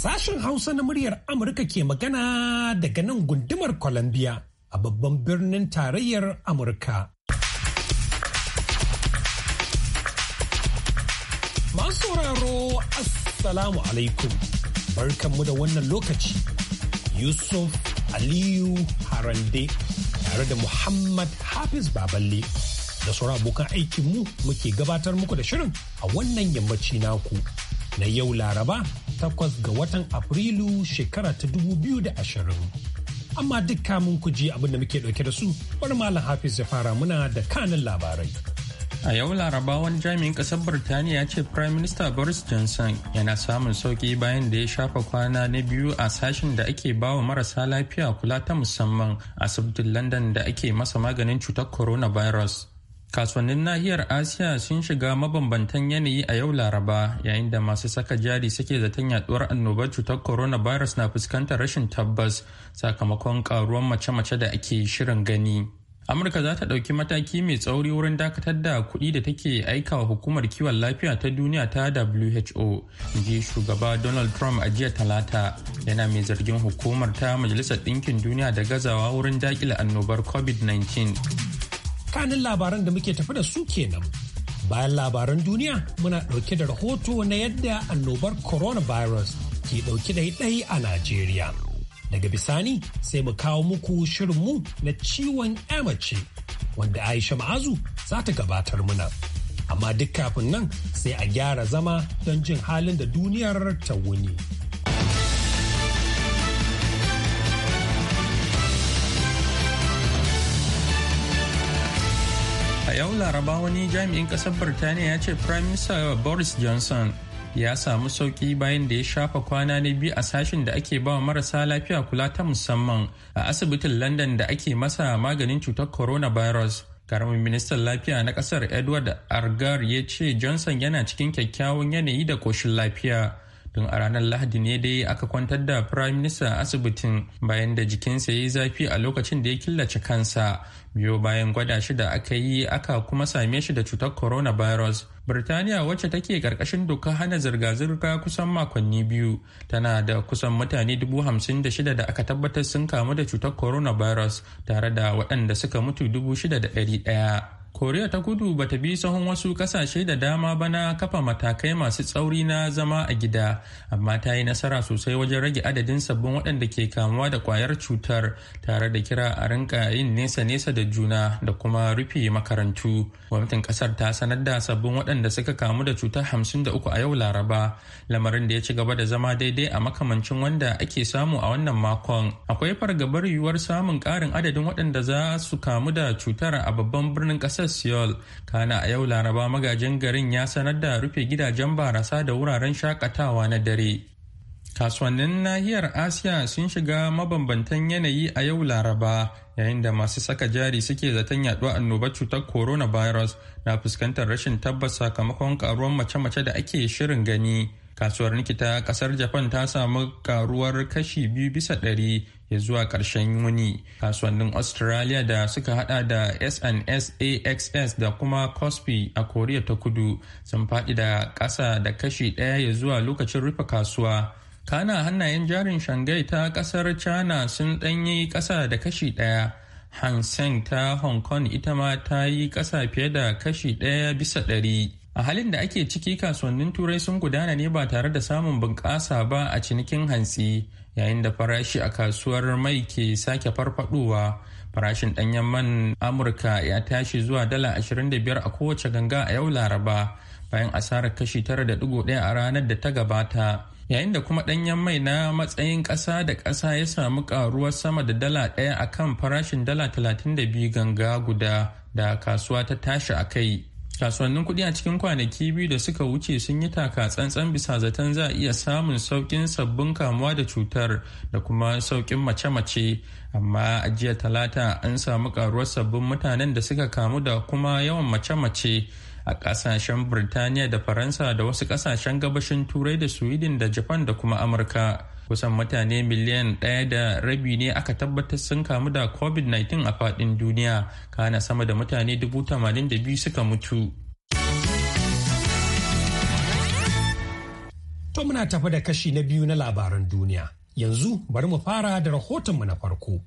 Sashen Hausa na muryar Amurka ke magana daga nan gundumar Columbia a babban birnin tarayyar Amurka. Masu sauraro Assalamu alaikum. Barkanmu da wannan lokaci. Yusuf Aliyu Harande tare da Muhammad Hafiz Baballe da sauran abokan aikinmu muke gabatar muku da shirin a wannan yammaci naku na yau Laraba Takwas ga watan Afrilu shekara ta dubu 2020. Amma duk kamun ku ji abin da muke ɗauke da su, bari Malam Hafiz ya fara muna da kanin labarai. A yau Larabawan wani jami'in ƙasar Birtaniya ya ce Prime Minister Boris Johnson yana samun sauki bayan da ya shafa kwana na biyu a sashen da ake bawa marasa lafiya kula ta musamman asibitin London da ake masa maganin cutar coronavirus. kasuwannin nahiyar asiya sun shiga mabambantan yanayi a yau laraba yayin da masu saka jari suke zaton yaduwar annobar cutar coronavirus na fuskantar rashin tabbas sakamakon karuwan mace-mace da ake shirin gani amurka za ta dauki mataki mai tsauri wurin dakatar da kuɗi da take aika wa hukumar kiwon lafiya ta duniya ta who ji shugaba donald trump a jiya talata yana mai zargin hukumar ta majalisar ɗinkin duniya da gazawa wurin daƙile annobar covid-19 kanin labaran da muke tafi da su kenan. Bayan labaran duniya muna ɗauke da rahoto na yadda annobar coronavirus ke ɗauki ɗaiɗai a Najeriya. Daga bisani sai mu kawo muku shirinmu na ciwon mace wanda Aisha Ma'azu za ta gabatar muna. Amma duk kafin nan sai a gyara zama don jin halin da duniyar ta wuni. yau laraba wani jami'in kasar birtaniya ya ce prime minister boris johnson ya samu sauki bayan da ya shafa kwana na biyu a sashen da ake ba marasa lafiya kula ta musamman a asibitin london da ake masa maganin cutar coronavirus karamin ministan lafiya na kasar edward argar ya ce johnson yana cikin kyakkyawan yanayi da koshin lafiya tun a ranar lahadi ne dai aka kwantar da prime minister asibitin bayan da jikinsa ya yi zafi a lokacin da ya killace kansa biyo bayan gwada shi da aka yi aka kuma same shi da cutar coronavirus birtaniya wacce take karkashin doka hana zirga-zirga kusan makonni biyu tana da kusan mutane dubu hamsin da shida da aka tabbatar sun kamu da cutar coronavirus tare da waɗanda suka mutu dubu shida da ɗari ɗaya koriya ta kudu ba ta bi sahun wasu kasashe da dama ba na kafa matakai masu tsauri na zama a gida amma ta yi nasara sosai wajen rage adadin sabbin waɗanda ke kamuwa da kwayar cutar tare da kira a rinka yin nesa-nesa da juna da kuma rufe makarantu gwamnatin kasar ta sanar da sabbin waɗanda suka kamu da cutar hamsin da uku a yau laraba lamarin da ya ci gaba da zama daidai a makamancin wanda ake samu a wannan makon akwai fargabar yiwuwar samun ƙarin adadin waɗanda za su kamu da cutar a babban birnin ƙasar ƙasar Seoul. Kana a yau Laraba magajin garin ya sanar da rufe gidajen barasa da wuraren shakatawa na dare. Kasuwannin nahiyar Asiya sun shiga mabambantan yanayi a yau Laraba yayin da masu saka jari suke zaton yaduwa annobar cutar coronavirus na fuskantar rashin tabbas sakamakon karuwar mace-mace da ake shirin gani. Kasuwar nikita kasar Japan ta samu karuwar kashi biyu bisa ɗari ya zuwa ƙarshen yuni kasuwannin australia da suka hada da sns axs da kuma cosby a koriya ta kudu sun faɗi da ƙasa da kashi ɗaya ya zuwa lokacin rufe kasuwa kana hannayen jarin shanghai ta ƙasar china sun ɗanyi ƙasa da kashi ɗaya hang ta hong kong ita ma ta yi ƙasa fiye da kashi ɗaya bisa ɗari a halin da ake ciki kasuwannin turai sun gudana ne ba tare da samun bunƙasa ba a cinikin hantsi yayin da farashi a kasuwar mai ke sake farfadowa farashin danyen man amurka ya tashi zuwa dala 25 a kowace ganga a yau laraba bayan asarar kashi 9.1 a ranar da ta gabata yayin da kuma danyen mai na matsayin ƙasa da ƙasa ya samu karuwar sama da dala ɗaya a kan farashin dala 32 ganga guda da kasuwa ta tashi a kai kasuwannin kuɗi a cikin kwanaki biyu da suka wuce sun yi taka tsantsan bisa zaton za a iya samun saukin sabbin kamuwa da cutar da kuma saukin mace-mace amma a jiya talata an samu karuwar sabbin mutanen da suka kamu da kuma yawan mace-mace a kasashen Birtaniya da Faransa da wasu kasashen gabashin Turai da Sweden da Japan da kuma Amurka. Kusan mutane miliyan ɗaya da rabi ne aka tabbatar sun kamu da COVID-19 a faɗin duniya, kana sama da mutane dubu tamanin da biyu suka mutu. To muna tafi da kashi na biyu na labaran duniya. Yanzu bari mu fara da rahotonmu na farko.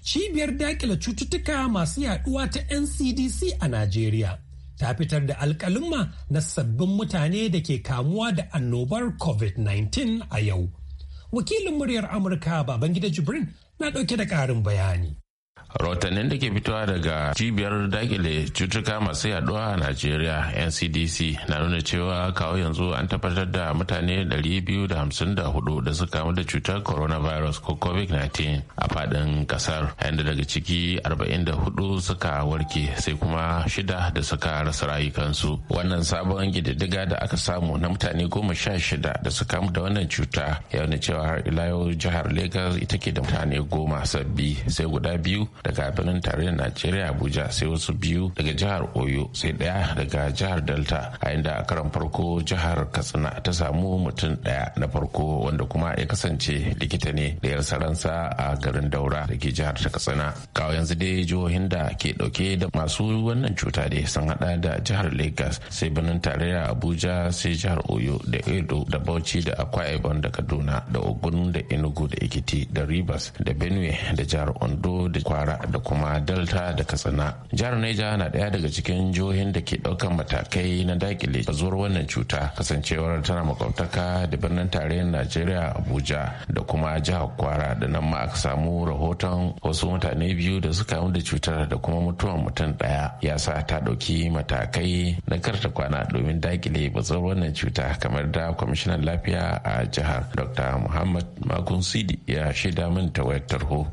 Cibiyar dakila cututtuka masu yaduwa ta NCDC a Najeriya ta fitar da alkalumma na sabbin mutane da ke kamuwa da annobar covid-19 a yau wakilin muryar amurka babangida jibrin na dauke da ƙarin bayani rahotannin da ke fitowa daga cibiyar dakile cutuka masu yaduwa a najeriya ncdc na nuna cewa kawo yanzu an tabbatar da mutane 254 da suka kamu da cutar coronavirus ko covid-19 a fadin kasar yadda daga ciki 44 suka warke sai kuma shida da suka rasa rayukansu wannan sabon gididdiga da aka samu na mutane goma sha shida da suka kamu da wannan cuta ya cewa har ila yau jihar lagos ita ke da mutane goma sabbi sai guda biyu daga birnin tarayyar najeriya abuja sai wasu biyu daga jihar oyo sai daya daga jihar delta a inda a karan farko jihar katsina ta samu mutum daya na farko wanda kuma ya kasance likita ne da yar saransa a garin daura da ke jihar ta katsina kawo yanzu dai jihohin da ke dauke da masu wannan cuta dai sun hada da jihar Legas, sai birnin tarayya abuja sai jihar oyo da edo da bauchi da akwa ibom da kaduna da ogun da enugu da ekiti da rivers da benue da jihar ondo da kwara zamfara da kuma delta da katsina jihar neja na ɗaya daga cikin jihohin da ke daukan matakai na dakile zuwar wannan cuta kasancewar tana makwabtaka da birnin tarayyar najeriya abuja da kuma jihar kwara da nan ma aka samu rahoton wasu mutane biyu da suka kamu da cutar da kuma mutuwan mutum ɗaya ya sa ta ɗauki matakai na karta kwana domin dakile bazuwar wannan cuta kamar da kwamishinan lafiya a jihar dr muhammad Makun sidi ya shaida min ta wayar tarho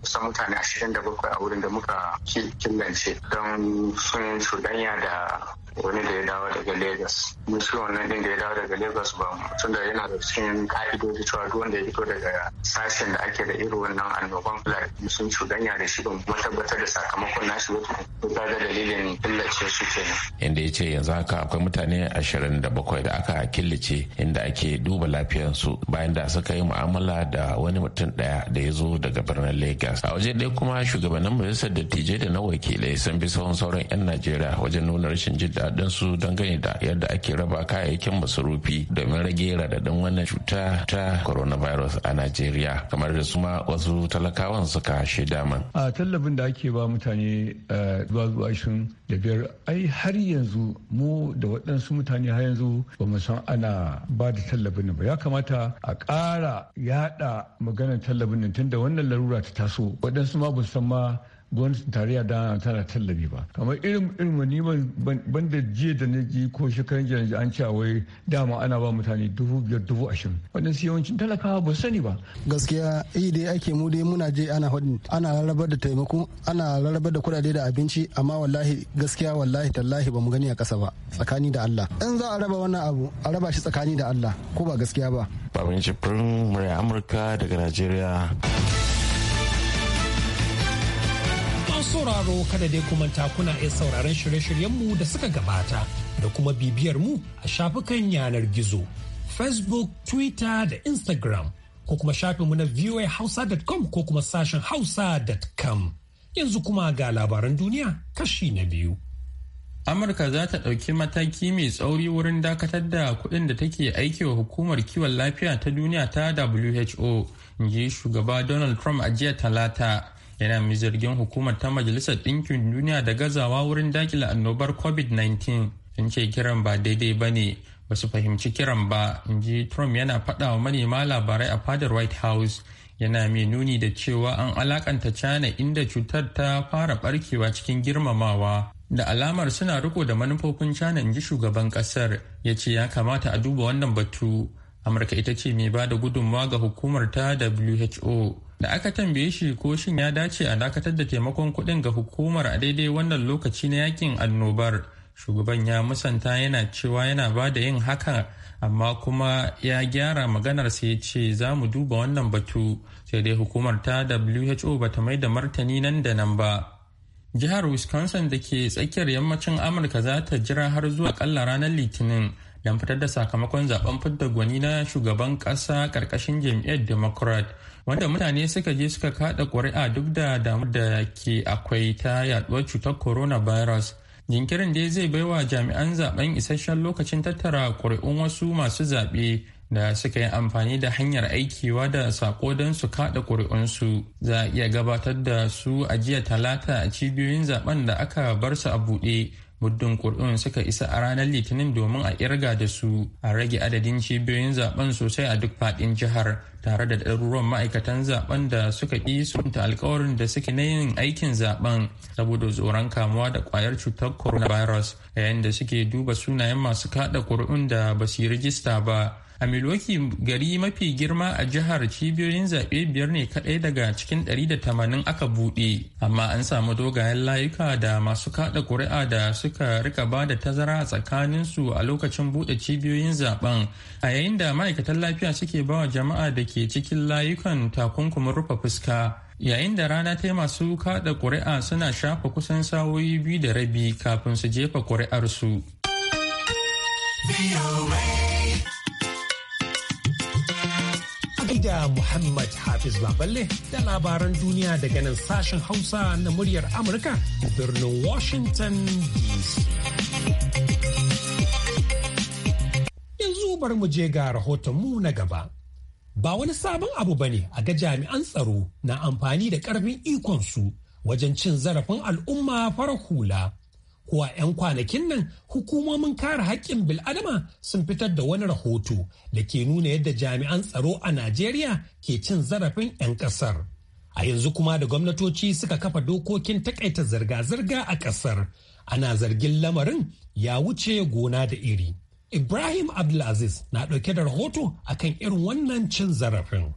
kusan mutane ashirin 27 a wurin da muka killace don sun shudanya da wani da ya dawo daga Legas. Mun shi wannan din da ya dawo daga Legas ba mu da yana da cikin ka'idoji cewa duk wanda ya fito daga sashen da ake da irin wannan annoban Fulani sun cuɗanya da shi don mu tabbatar da sakamakon nashi ba ko ta ga dalilin killace su kenan. Inda ya ce yanzu haka akwai mutane ashirin da bakwai da aka killace inda ake duba lafiyansu bayan da suka yi mu'amala da wani mutum ɗaya da ya zo daga birnin Legas. A waje ɗaya kuma shugabannin majalisar dattijai da na wakilai sun bi sauran 'yan Najeriya wajen nuna rashin jin su don dangane da yadda ake raba kayayyakin masarufi domin rage radadin wannan cuta ta coronavirus a Najeriya kamar da suma wasu talakawan suka shaida man. A tallafin da ake ba mutane zuwa zuwa shin da biyar ai har yanzu mu da waɗansu mutane har yanzu ba mu san ana ba da tallafin ba ya kamata a ƙara yaɗa maganar tallafin tun da wannan larura ta taso waɗansu ma ba san ma gwamnatin tarayya da tana tallafi ba kamar irin irin ni ban da jiya da na ji ko shekaran jiya an ce wai dama ana ba mutane dubu biyar dubu ashirin su yawancin talakawa ba sani ba gaskiya iya eh dai ake mu dai muna je ana hudu ana rarrabar da taimako ana rarrabar da kuɗaɗe da abinci amma wallahi gaskiya wallahi tallahi ba mu gani a ƙasa ba tsakani da Allah in za a raba wannan abu a raba shi tsakani da Allah ko ba gaskiya ba ce Jibrin murya Amurka daga Najeriya. sauraro kada dai kuma kuna iya sauraron shirye-shiryenmu da suka gabata da kuma bibiyar mu a shafukan yanar gizo, Facebook, Twitter da Instagram ko kuma shafinmu na voahausa.com ko kuma sashen hausa.com. Yanzu kuma ga labaran duniya kashi na biyu. Amurka za ta ɗauki mataki mai tsauri wurin dakatar da kuɗin da take aiki wa hukumar kiwon lafiya ta duniya ta WHO, in shugaba Donald Trump a jiya talata. yana mai zargin hukumar ta majalisar ɗinkin duniya da gazawa wurin dakile annobar covid-19 sun ce kiran ba daidai ba ne ba su fahimci kiran ba in ji trump yana faɗa wa manema labarai a fadar white house yana mai nuni da cewa an alakanta china inda cutar ta fara barkewa cikin girmamawa da alamar suna riko da manufofin china in ji shugaban kasar ya ce ya kamata a duba wannan batu amurka ita ce mai ba da gudunmawa ga hukumar ta who da aka tambaye shi ko shin ya dace a dakatar da taimakon kuɗin ga hukumar a daidai wannan lokaci na yakin annobar shugaban ya musanta yana cewa yana ba da yin haka amma kuma ya gyara maganar sai ya ce za mu duba wannan batu sai dai hukumar ta who ba ta mai da martani nan da nan ba jihar wisconsin da ke tsakiyar yammacin amurka za ta jira har zuwa kalla ranar litinin don fitar da sakamakon zaben fidda gwani na shugaban kasa karkashin jam'iyyar democrat wanda mutane suka je suka kada ƙuri'a duk da damar da ke akwai ta yaduwar cutar coronavirus jinkirin dai zai baiwa jami'an zaben isasshen lokacin tattara ƙuri'un wasu masu zaɓe da suka yi amfani da hanyar aikewa da sako don su kada ƙuri'unsu za a iya gabatar da su a jiya talata a cibiyoyin zaben da aka bar su a buɗe muddin ƙuri'un suka isa a ranar litinin domin a kirga da su a rage adadin cibiyoyin zaben sosai a duk faɗin jihar tare da ɗaruruwan ma'aikatan zaben da suka ƙi sunta alkawarin da suke na yin aikin zaben saboda tsoron kamuwa da ƙwayar cutar coronavirus yayin da suke duba sunayen masu kaɗa ƙuri'un da ba su yi rijista ba a milwaukee gari mafi girma a jihar cibiyoyin zaɓe biyar ne kaɗai daga cikin 180 aka buɗe amma an samu dogayen layuka da masu kaɗa ƙuri'a da suka rika ba da tazara a tsakaninsu a lokacin buɗe cibiyoyin zaɓen. a yayin da ma'aikatan lafiya suke ba wa jama'a da ke cikin layukan takunkumin rufe fuska yayin da rana ta masu kaɗa ƙuri'a suna shafa kusan sawoyi biyu da rabi kafin su jefa ƙuri'arsu. da Muhammad Hafiz Baballe da labaran duniya daga nan sashen Hausa na muryar Amurka a birnin Washington DC. Yanzu bari mu je ga rahotonmu na gaba. Ba wani sabon abu bane a ga jami'an tsaro na amfani da ƙarfin ikonsu wajen cin zarafin al'umma fara hula. kuwa 'yan kwanakin nan hukumomin kare haƙƙin bil'adama sun fitar da wani rahoto da ke nuna yadda jami'an tsaro a najeriya ke cin zarafin 'yan ƙasar a yanzu kuma da gwamnatoci suka kafa dokokin takaita zirga-zirga a ƙasar ana zargin lamarin ya wuce gona da iri ibrahim abdulaziz na ɗauke da rahoto akan irin wannan cin zarafin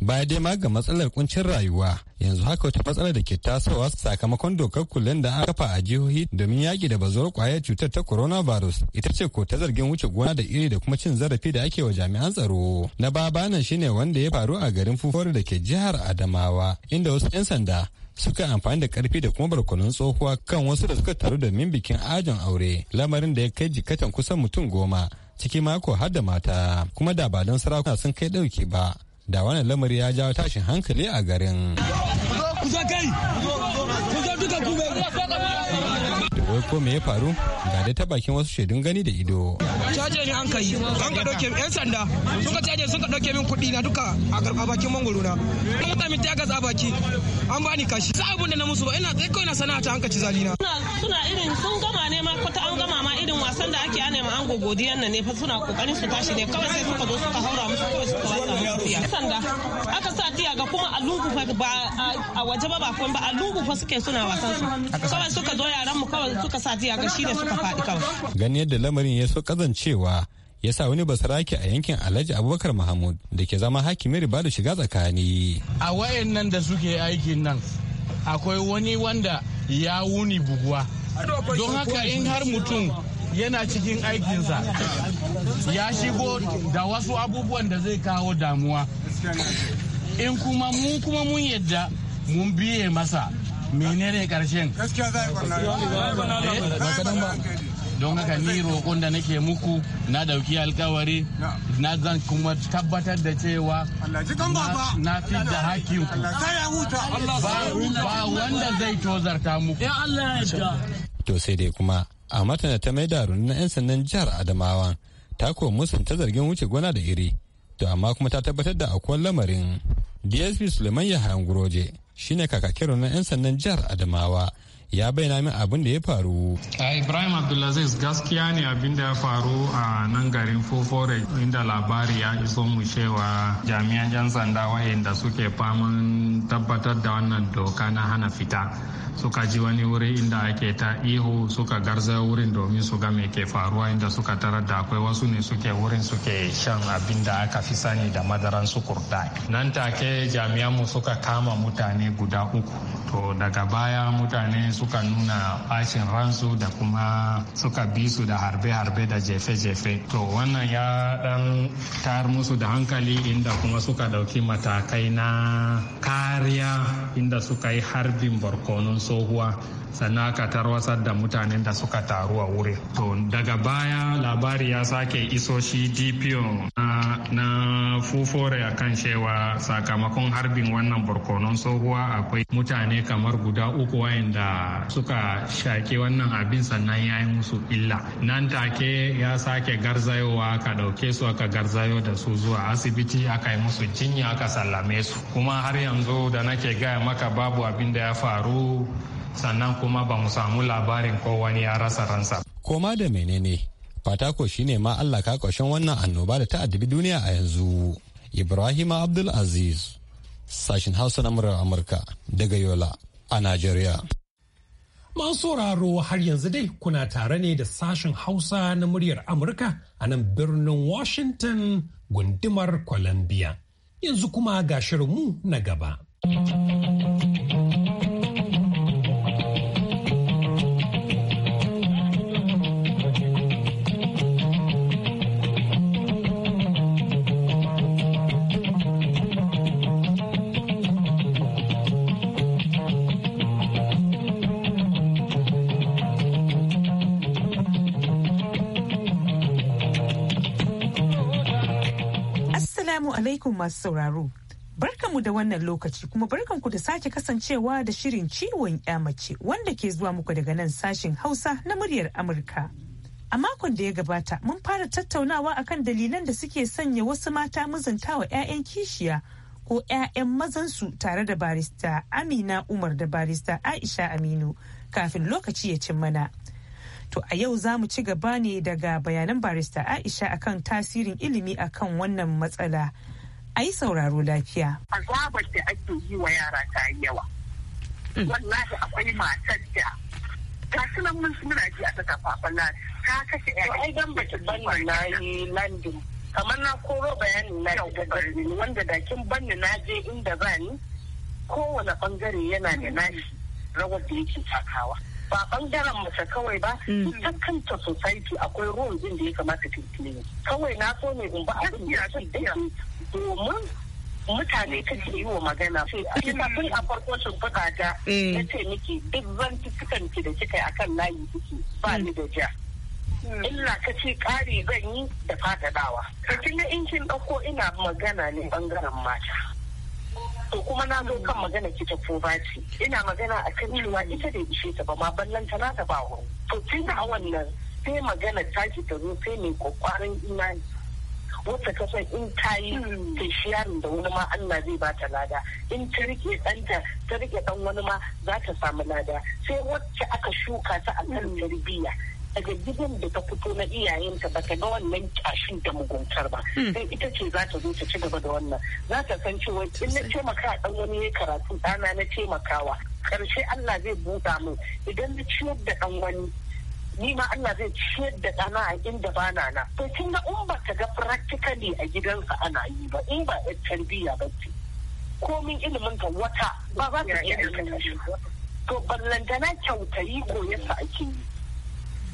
baya dai ma ga matsalar kuncin rayuwa yanzu haka wata matsalar da ke tasowa sakamakon dokar kullum da aka kafa a jihohi domin yaki da bazuwar kwayar cutar ta coronavirus ita ce ko ta zargin wuce gona da iri da kuma cin zarafi da ake wa jami'an tsaro na babanan shine wanda ya faru a garin fufore da ke jihar adamawa inda wasu 'yan sanda suka amfani da karfi da kuma barkonun tsohuwa kan wasu da suka taru domin bikin ajin aure lamarin da ya kai jikatan kusan mutum goma ciki mako har da mata kuma da ba don sarakuna sun kai dauki ba da wannan lamari ya jawo tashin hankali a garin. Ku wai ko me ya faru ga dai ta bakin wasu shaidun gani da ido caje ne an kai an ka dauke yan sanda sun ka caje sun ka min kuɗi na duka a bakin mangoro na an mata min ta gatsa baki an bani kashi Sa abun da na musu ba ina tsaye kawai na sana'a ta an kaci na. suna irin sun gama ne ma kwata an gama ma irin wasan da ake ana ma an gogodiyan nan ne fa suna kokarin su tashi ne kawai sai suka zo suka haura musu kawai suka wasa musu yan sanda aka sa tiya ga kuma a lungu fa ba a waje ba ba ba a lungu fa suke suna wasan su kawai suka zo yaran mu kawai suka sa a ga shi da suka faɗi kawai. Gani yadda lamarin ya so kazancewa ya sa wani basarake a yankin alhaji abubakar mahmud da ke zama hakimin riba da shiga tsakani a wayan nan da suke aikin nan akwai wani wanda ya wuni buguwa don haka in har mutum yana cikin aikinsa ya shigo da wasu abubuwan da zai kawo damuwa in kuma mu kuma mun yadda mun biye masa menene karshen gaskiya za don haka ni roƙon da nake muku na dauki alkawari na zan kuma tabbatar da cewa na fi da hakin ba wanda zai tozarta muku to sai dai kuma a matana ta mai da na 'yan sannan jihar adamawa ta kuwa ta zargin wuce gona da iri to amma kuma ta tabbatar da akwai lamarin dsp suleiman yahaya guroje shine kakakin na 'yan sandan jihar Adamawa ya bayyana min abin da ya faru. Ibrahim Abdulaziz gaskiya ne abin da ya faru a nan garin Fofore inda labari ya iso mu cewa jami'an 'yan sanda wayanda suke faman tabbatar da wannan doka na hana fita. suka ji wani wuri inda ake ta ihu suka garza wurin domin su ga me ke faruwa inda suka tarar da akwai wasu ne suke wurin suke shan abin da aka fi sani da madaran sukurda nan take jami'an mu suka kama mutane guda uku to daga baya mutane suka nuna bacin ransu da kuma suka bi su da harbe-harbe da jefe-jefe to wannan ya dan tayar musu da hankali inda kuma suka dauki matakai na kariya inda suka yi harbin barkonon tsohuwa sannan aka tarwatsar da mutanen da suka taru a wurin to daga baya labari ya sake iso shi dpo na fufore a kan cewa sakamakon harbin wannan barkonon tsohuwa akwai mutane kamar guda uku wayanda suka shaƙi wannan abin sannan ya yi musu illa nan take ya sake garzayowa aka ɗauke su aka garzayo da su zuwa asibiti aka yi musu jinya aka sallame su kuma har yanzu da nake gaya maka babu abin da ya faru sannan kuma ba mu samu labarin ko wani ya rasa ransa. Koma da menene fatako shine ma Allah ka wannan annoba da ta addabi duniya a yanzu. Ibrahim Abdul Aziz sashin Hausa na murar Amurka daga Yola a Najeriya. Masu sauraro har yanzu dai kuna tare ne da sashin Hausa na muryar Amurka a nan birnin Washington gundumar Columbia. Yanzu kuma ga shirinmu na gaba. Assalamu alaikum masu sauraro. Barkanmu da wannan lokaci kuma barkanku da sake kasancewa da shirin ciwon ya mace wanda ke zuwa muku daga nan sashin Hausa na muryar Amurka. A makon da ya gabata mun fara tattaunawa akan dalilan da suke sanya wasu mata muzanta wa 'ya'yan kishiya ko 'ya'yan mazansu tare da barista Amina Umar da barista Aisha Aminu kafin lokaci ya cin mana. To a yau za mu ci gaba ne daga bayanan barista Aisha akan tasirin ilimi akan wannan matsala. A yi sauraro lafiya. Azabar da ake yi wa yara ta yawa. Mm. Wallahi akwai matar da ga sunan mun muna ji a ta kafafan na ta kashe ya ai dan baki bani na yi landin kamar na koro bayanin na da birnin wanda da kin bani na je inda zani kowane bangare yana da nashi rawar da yake takawa. ba bangaren mace kawai ba mm. ta kanta society akwai ruwan din da ya kamata ta yi kawai na so ne in ba abin da ke domin mutane kake yi wa magana sai tun a farko shimfiɗa ta eh. ya ce miki duk zan tukan ki da kika akan layi kike ba ni da ja mm. illa ka ce ƙari zan yi da faɗaɗawa. Ka ga in kin ɗauko ina magana ne bangaren mata. to kuma na zo kan magana ki ta ko ina magana a kan cewa ita da ishe ta ba ma ballan ta na ta ba wa to tun da wannan sai magana ta ki ta zo sai mai kokarin imani wata san in ta yi hmm. ta shiyarin da wani ma Allah zai ba ta lada in ta rike ɗanta ta rike ɗan wani ma za ta samu lada sai wacce aka shuka ta a kan hmm. tarbiyya daga gidan da ta fito na iyayenta ba ta ga wannan kyashin da muguntar ba hmm. sai ita ce za ta zo ta ci gaba da wannan za ta san cewa in na taimaka ɗan wani ya karatu ɗana na taimakawa karshe Allah zai buɗa mu idan na ciyar da ɗan wani ni ma Allah zai ciyar da ɗana a inda ba na na to tun ga in ba ta ga practically a gidansa ana yi ba in ba tarbiyya ba ce komin ilimin ta wata ba za ta iya aikata shi to ballantana kyautayi koyarsa ake yi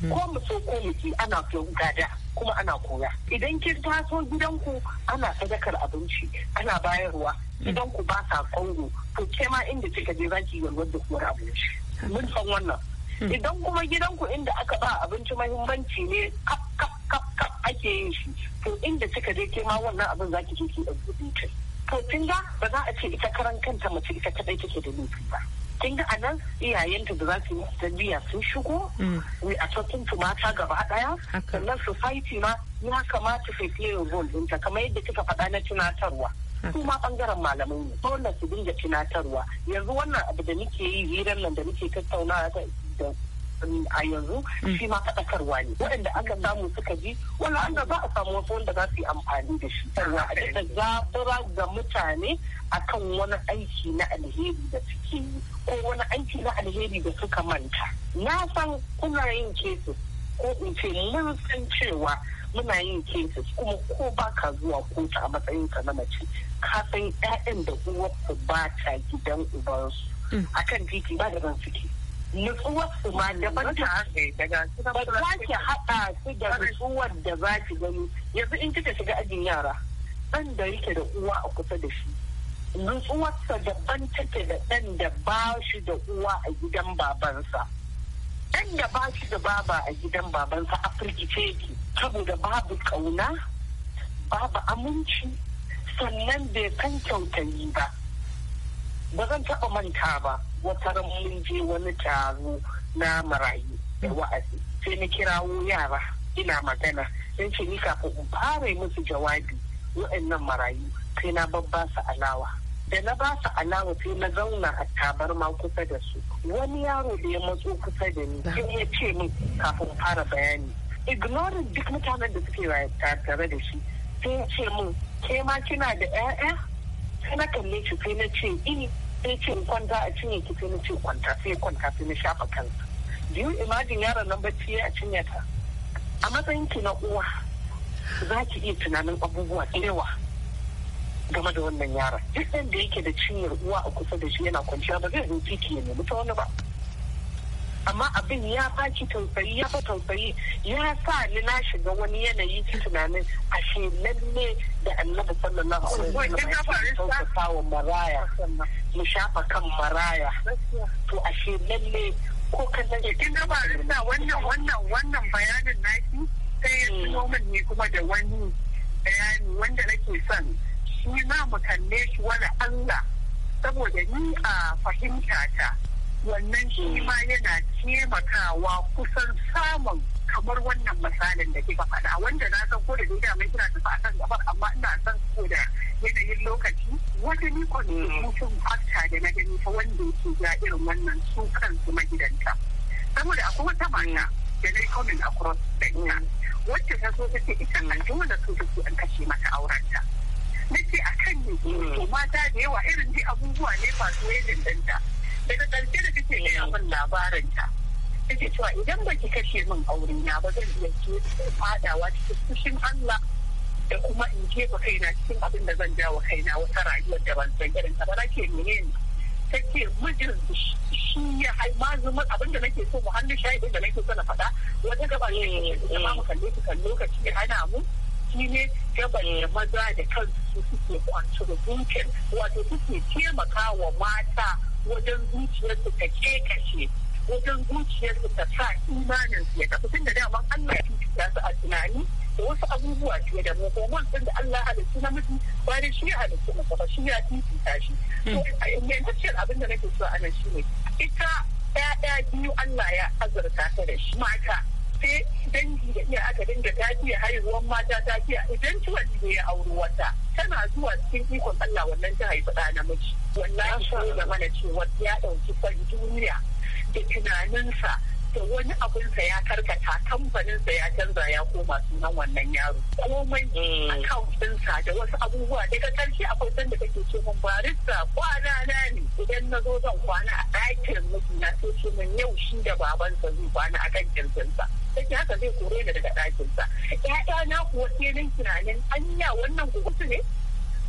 ko mu so ko mu ki ana gada kuma ana koya idan kin taso gidanku ana sadakar abinci ana bayarwa gidanku ba sa kongo to ke ma inda kika je za ki da kuma abinci mun san wannan idan kuma gidanku inda aka ba abinci mahimmanci ne kap kap kap kap ake yin shi to inda kika je ke ma wannan abin za ki je ki ɗauki to kin ga ba za a ce ita karan kanta mace ita kadai take da nufi ba kin ga anan iyayenta da za su yi tarbiyya sun shigo ne a cikin mata gaba daya sannan society ma ya kamata su play role ta kamar yadda kika faɗa na tunatarwa su ma bangaren malamai ne dole su dinga tunatarwa yanzu wannan abu da muke yi hirar nan da muke tattaunawa da a yanzu mm. shi ma faɗakarwa ne waɗanda aka samu suka ji wani wanda za a samu wasu wanda za su yi amfani da shi a da zabura ga mutane akan wani aiki na alheri da suke yi ko wani aiki na alheri da suka manta na san kuna yin cases ko in ce mun san cewa muna yin cases kuma ko ba ka zuwa kotu a ka na mace ka san 'ya'yan da uwarku ba ta gidan ubansu mm. akan titi ba da ban suke nutsuwar su ma daban ta ba ki haɗa su da nutsuwar da za ki gani yanzu in kika shiga ajin yara ɗan da yake da uwa a kusa da shi nutsuwarsa daban take da ɗan da ba shi da uwa a gidan babansa ɗan da ba shi da baba a gidan babansa a firgice ki saboda babu ƙauna babu aminci sannan bai kan kyautayi ba ba zan taɓa manta ba wata mun je wani taro na marayu da wa'azi sai na kirawo yara ina magana in ce ni kafin in fara musu jawabi wa'annan marayu sai na babba su alawa da na ba su alawa sai na zauna a tabarma kusa da su wani yaro da ya matso kusa da ni sai ya ce min kafin fara bayani ignoring duk mutanen da suke tare da shi sai ya ce min ke ma kina da 'ya'ya sai na kalle shi sai na ce ini eh, sai ce in kwanta a cinye ki sai na ce kwanta sai kwanta sai na shafa kansa you imajin yaron nan bacci ya cinye ta a matsayin ki na uwa za ki iya tunanin abubuwa yawa game da wannan yaron duk da yake da cinyar uwa a kusa da shi yana kwanciya ba zai zo ki ya nemi ta wani ba amma abin ya ki tausayi ya fa tausayi ya sa ni na shiga wani yanayi ki tunanin shi lalle da annabi sallallahu alaihi wasallam ya faru sa maraya mu shafa kan maraya to ashe lalle ko kan lalle kin ga ba rinna wannan wannan wannan bayanin naki sai ya tuno min ne kuma da wani bayani wanda nake son shi na mu kalle shi wani Allah saboda ni a fahimta ta wannan shi ma yana taimakawa kusan samun kamar wannan misalin da kika faɗa wanda na san ko da dai mai kina tafi a kan gabar amma ina san ko da yanayin lokaci wata ni ko mm. mutum fakta da na gani ta wanda yake ga irin wannan su kansu magidanta saboda akwai wata manya mm. da na coming across da ina mm. wacce ta so ta ce ita nan wanda so take an kashe mata aurenta na ce a kan ne mata da yawa irin dai abubuwa ne ba su yi danganta daga ƙarshe da take gaya labarin labarinta take cewa idan ba ki kashe min aure na ba zan iya ke fadawa cikin fushin Allah da kuma in jefa kaina cikin abin da zan jawo kaina wata rayuwar da ban san irin ta ba nake menene ta ce mijin shi ya haima zuma abin da nake so mu hannu shahidin da nake so na faɗa wata gaba ne ma mm, mu mm. kalle su kan lokaci ya hana mu shi ne gaba ne maza da kansu su suke contributing wato suke taimaka wa mata wajen zuciyarsu ta kashe wajen zuciyar ta sa imanin su ya tafi tun da daman Allah ya cuta su a tunani da wasu abubuwa fiye da mu kuma sun da Allah halittu na miji ba da shi halittu na ba shi ya fifita shi. Hmm. To abin da nake so a nan shi ne ita ‘ya'ya biyu Allah ya azurta ta da shi mata sai dangi da iya aka dinga fiye haihuwar mata tafiya idan ciwon ne ya auri wata tana zuwa cikin ikon Allah wannan ta haifi ɗa namiji shi ne da mana cewa ya ɗauki kwan duniya da tunaninsa da wani abunsa ya karkata kamfaninsa ya canza ya koma sunan wannan yaro komai mm. sa da wasu abubuwa daga karshe akwai san da kake ce mun barista kwana na ne idan na zo zan kwana a ɗakin na sai ce mun yau shi da babansa zai kwana a kan kirjinsa sai haka zai kore ni daga ɗakinsa na kuwa sai nan tunanin anya wannan gugutu ne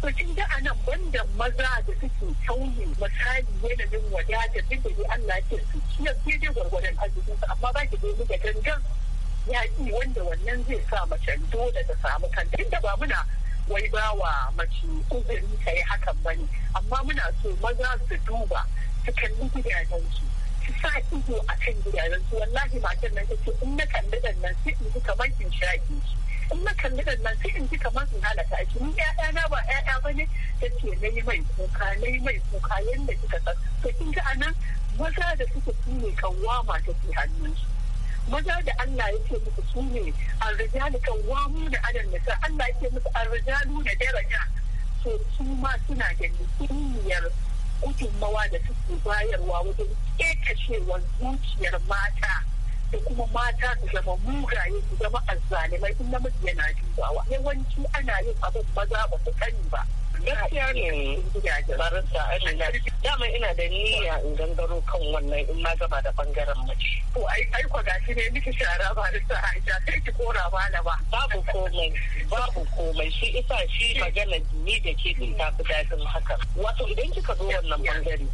to da ga anan banda maza da suke tauni misali yanayin wadata duk da Allah ke su shi ya dai gwargwadon arzikin amma ba ki da gangan yaƙi wanda wannan zai sa mace dole ta samu kanta da ba muna wai ba wa mace uzuri ta yi hakan ba ne, amma muna so maza su duba su kalli gidajen su sa ido a kan su wallahi matan nan ta ce in na kalli nan sai in ji kamar in shaƙe su. in na kalli da nan sai in ji kamar in halata a ni ya na ba ƴaƴa ba ne da ke na yi mai kuka na yi mai kuka yadda kika san to kin ga anan maza da suka su ne kawama ta ke hannunsu maza da Allah ya ce musu su ne arrijalu kawamu da adan nisa Allah ya ce musu rijalu da daraja so su ma suna da niyyar gudunmawa da suke bayarwa wajen kekashewar zuciyar mata da kuma mata su zama mugaye su zama azzalimai in namiji yana dubawa yawanci ana yin abin maza ba su sani ba gaskiya ne barista amina dama ina da niyya in gangaro kan wannan in ma gaba da bangaren mace Ko ai ai ko gashi ne miki shara barista aisha sai ki kora malama babu komai babu komai shi isa shi magana ne da ke din ta fi dadin haka wato idan kika zo wannan bangare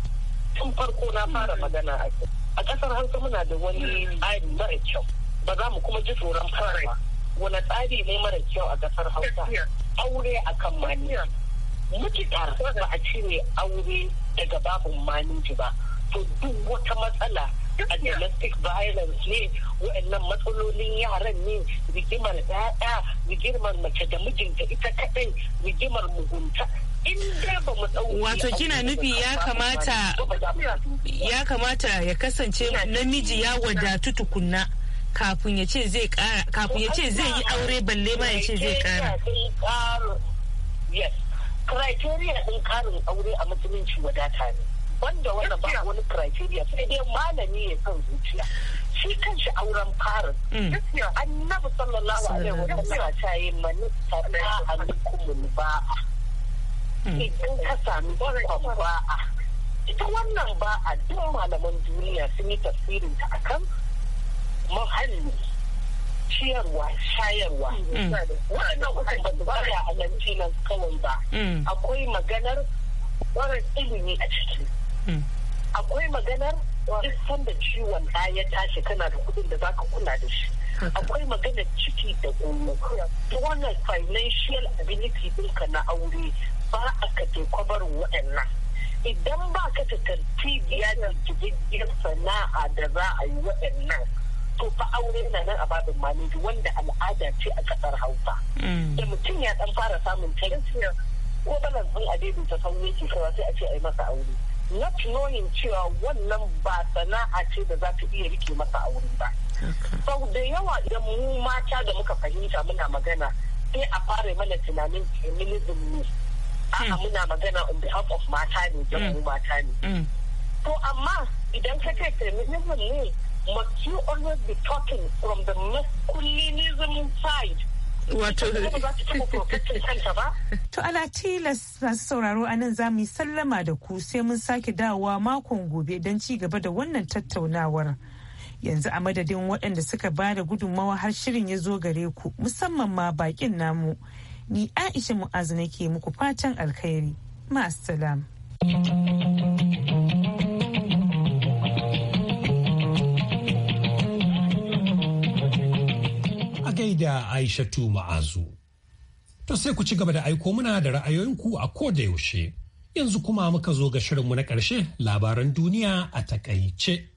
tun farko na fara magana a a ƙasar hausa muna da wani tsari mara kyau ba za mu kuma ji tsoron fara wani tsari ne mara kyau a ƙasar hausa aure a kan mani mutukar ba a cire aure daga babin maniji ba to duk wata matsala a domestic violence ne wa'annan matsalolin yaran ne rigimar ɗaya rigimar mace da mijinta ita kaɗai rigimar mugunta wato kina nufi ya kamata ya kamata ya kasance namiji ya wadatu tukunna kafin ya ce zai kara kafin ya ce zai yi aure balle ma ya ce zai kara criteria din karin aure a musulunci wadata ne wanda wannan ba wani criteria sai dai malami ya san zuciya shi kanshi auren farin mm. gaskiya annabi sallallahu alaihi wa sallam ya ce mani sana'a alaikum ba'a idan ka sami babban ba'a ita wannan ba'a duk malaman duniya sun yi tafsirin ta akan muhalli ciyarwa shayarwa mm. wannan uku ba ya alanci nan kawai ba mm. akwai maganar warin ilimi a ciki mm. akwai maganar duk sanda ciwon ɗaya ya tashi kana da kuɗin da zaka kula da shi akwai maganar ciki da goyo to wannan financial ability dinka na aure ba a ka kwabar waɗannan idan ba ka da tartibiya da jirgin sana'a da za a yi waɗannan to fa aure na nan a babin maniji, wanda al'ada ce a ƙasar hausa mm. da mutum ya ɗan fara samun tarbiyyar ko bana zan a ta sauye ke kawai sai a ce a yi masa aure na tunoyin cewa wannan ba sana'a ce da za ta iya rike masa aure ba sau da yawa idan mu mata da muka fahimta muna magana sai a fara mana tunanin feminism ne a'a hmm. muna magana on behalf of mata ne hmm. jamu mata ne hmm. to amma idan ka ce feminism ne must you always be talking from the masculinism side wato to ana tilas masu sauraro a nan za mu yi sallama da ku sai mun sake dawowa makon gobe don ci gaba da wannan tattaunawar yanzu a madadin waɗanda suka ba da gudunmawa har shirin ya zo gare ku musamman ma bakin namu ni aisha mu'azu nake muku fatan alkhairi ma'assalam a gaida tu ma'azu to sai ku ci gaba da aiko muna da ra'ayoyinku a ko da yaushe yanzu kuma muka zo ga shirinmu na ƙarshe labaran duniya a takaice.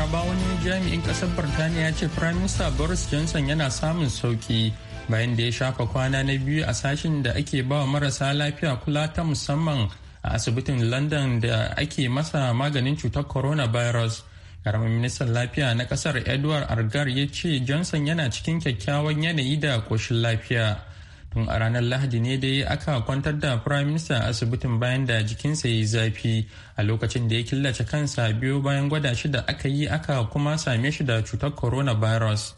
laraba wani jami'in kasar birtaniya ya ce minister boris johnson yana samun sauki bayan da ya shafa kwana na biyu a sashen da ake ba wa marasa lafiya kula ta musamman a asibitin london da ake masa maganin cutar coronavirus karamin ministan lafiya na kasar edward argar ya ce johnson yana cikin kyakkyawan yanayi da koshin lafiya tun a ranar lahadi ne dai aka kwantar da prime minister asibitin bayan da jikinsa ya yi zafi a lokacin da ya killace kansa biyu bayan gwada shi da aka yi aka kuma same shi da cutar coronavirus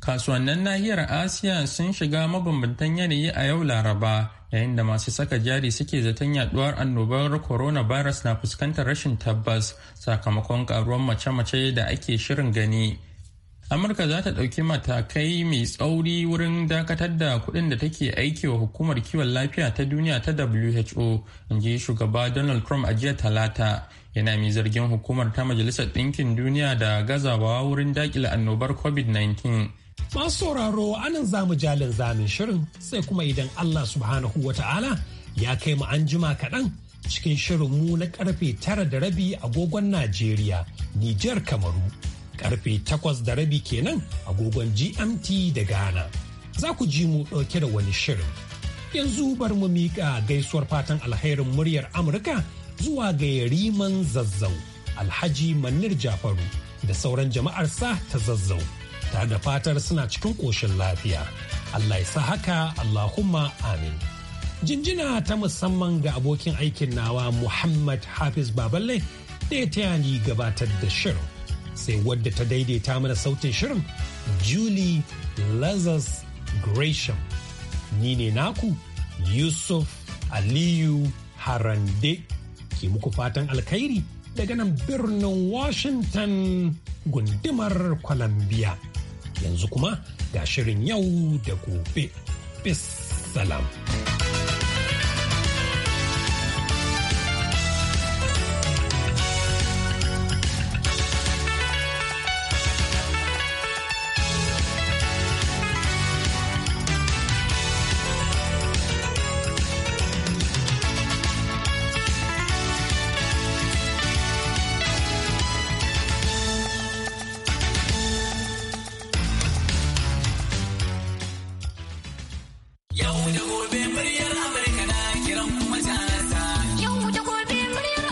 kasuwannin nahiyar asiya sun shiga mabambantan yanayi a yau laraba yayin da masu saka jari suke zaton yaduwar annobar coronavirus na fuskantar rashin tabbas sakamakon karuwar mace-mace da ake shirin gani amurka za ta ɗauki matakai mai tsauri wurin dakatar da kuɗin da take aiki wa hukumar kiwon lafiya ta duniya ta who in ji shugaba donald trump a jiya talata yana mai zargin hukumar ta majalisar ɗinkin duniya da gazawa wurin daƙile annobar covid-19 masu sauraro anan zamu jalin zamin shirin sai kuma idan allah subhanahu wa ta'ala ya kai mu anjima kaɗan cikin shirin mu na karfe tara da rabi agogon najeriya nijar kamaru Karfe takwas da rabi kenan agogon GMT da Ghana. Za ku ji mu ɗauke da wani shirin. Yanzu bar mu miƙa gaisuwar fatan alherin muryar Amurka zuwa ga Yariman Zazzau, Alhaji Manir Jafaru da sauran jama'ar sa ta Zazzau. tare da fatar suna cikin ƙoshin lafiya. Allah ya sa haka Allahumma amin. Jinjina ta musamman ga abokin aikin nawa Muhammad Hafiz Baballe da ya taya ni gabatar da shirin. sai wadda ta daidaita mana sautin shirin Julie Lazarus Gresham. Ni ne naku Yusuf Aliyu Harande ke muku fatan alkhairi daga nan birnin Washington gundumar Columbia. Yanzu kuma ga shirin yau da gobe. Peace salam.